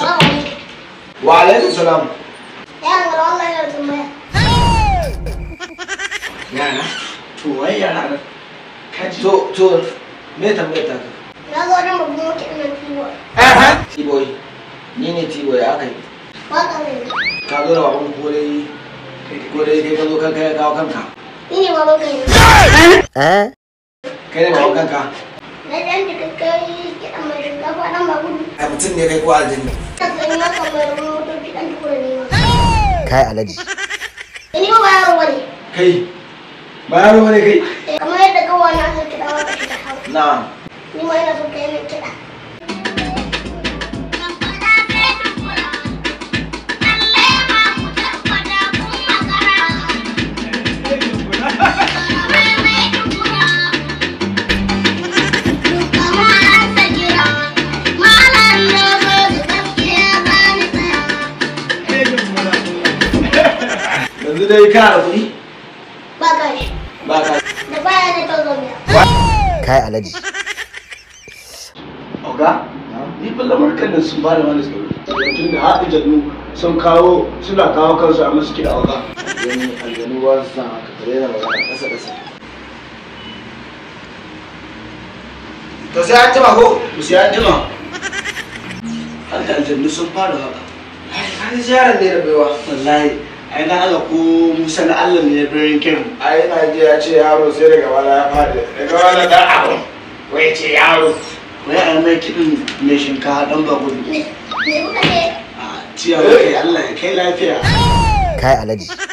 السلام عليكم وعليكم السلام يا والله يا تمام yana to wai yana kaji to to me tambayar ta ka na zo wajen babu mutu ina tiboy aha yi, ni ne tiboy aka yi waka ne ka zo da baban kore kore kai ka zo kan kai kawo kanka ni ne baban kai eh? eh kai ne baban kanka na dan da kai ki amma da kafa dan babu a mutum ne kai ko aljini kai alaji ni ba yaro wani kai ba yaro wani kai eh, kamar yadda gawa na san kiɗa wata kiɗa na ni ma ina son kai min kida yanzu dai ka a kuɗi ba ka shi ba ka da baya na tozo biya kai alaji oga ni fa lamarkan da sun ba da wani tsoro tun da haɗu jannu sun kawo suna kawo kansu a masu kiɗa oga yanzu aljanu ba su san haka tare da magana ƙasa ƙasa to sai an jima ko sai an jima har aljanu sun fara haka har yaran ne da baiwa wallahi ai na Allah ko Musa na Allah ne birnin a ai na ji ya ce yaro sai daga wala ya fadi daga wala da abu wai ce yaro wai yi mai kidin mai shinkafa dan bago ne a ciyawa Allah ya kai lafiya kai alaji